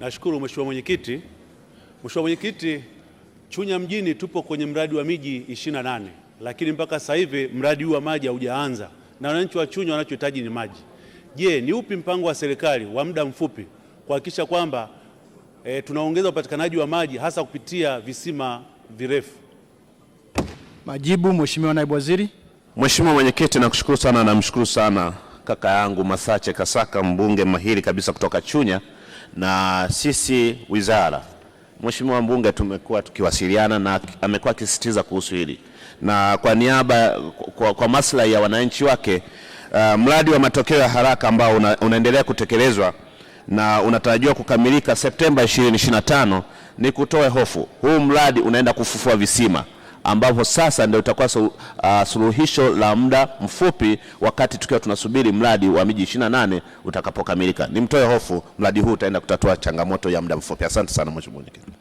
Nashukuru Mheshimiwa Mwenyekiti. Mheshimiwa Mwenyekiti, Chunya mjini tupo kwenye mradi wa miji 28 lakini mpaka sasa hivi mradi huu wa maji haujaanza na wananchi wa Chunya wanachohitaji ni maji. Je, ni upi mpango wa serikali wa muda mfupi kuhakikisha kwamba e, tunaongeza upatikanaji wa maji hasa kupitia visima virefu? Majibu, Mheshimiwa Naibu Waziri. Mheshimiwa Mwenyekiti, nakushukuru sana, namshukuru sana kaka yangu Masache Kasaka, mbunge mahiri kabisa kutoka Chunya na sisi wizara, Mheshimiwa mbunge tumekuwa tukiwasiliana na amekuwa akisisitiza kuhusu hili, na kwa niaba kwa, kwa maslahi ya wananchi wake uh, mradi wa matokeo ya haraka ambao una, unaendelea kutekelezwa na unatarajiwa kukamilika Septemba 2025 ni kutoe hofu, huu mradi unaenda kufufua visima ambavyo sasa ndio itakuwa ah, suluhisho la muda mfupi, wakati tukiwa tunasubiri mradi wa miji 28 utakapokamilika. Nimtoe hofu, mradi huu utaenda kutatua changamoto ya muda mfupi. Asante sana Mheshimiwa Mwenyekiti.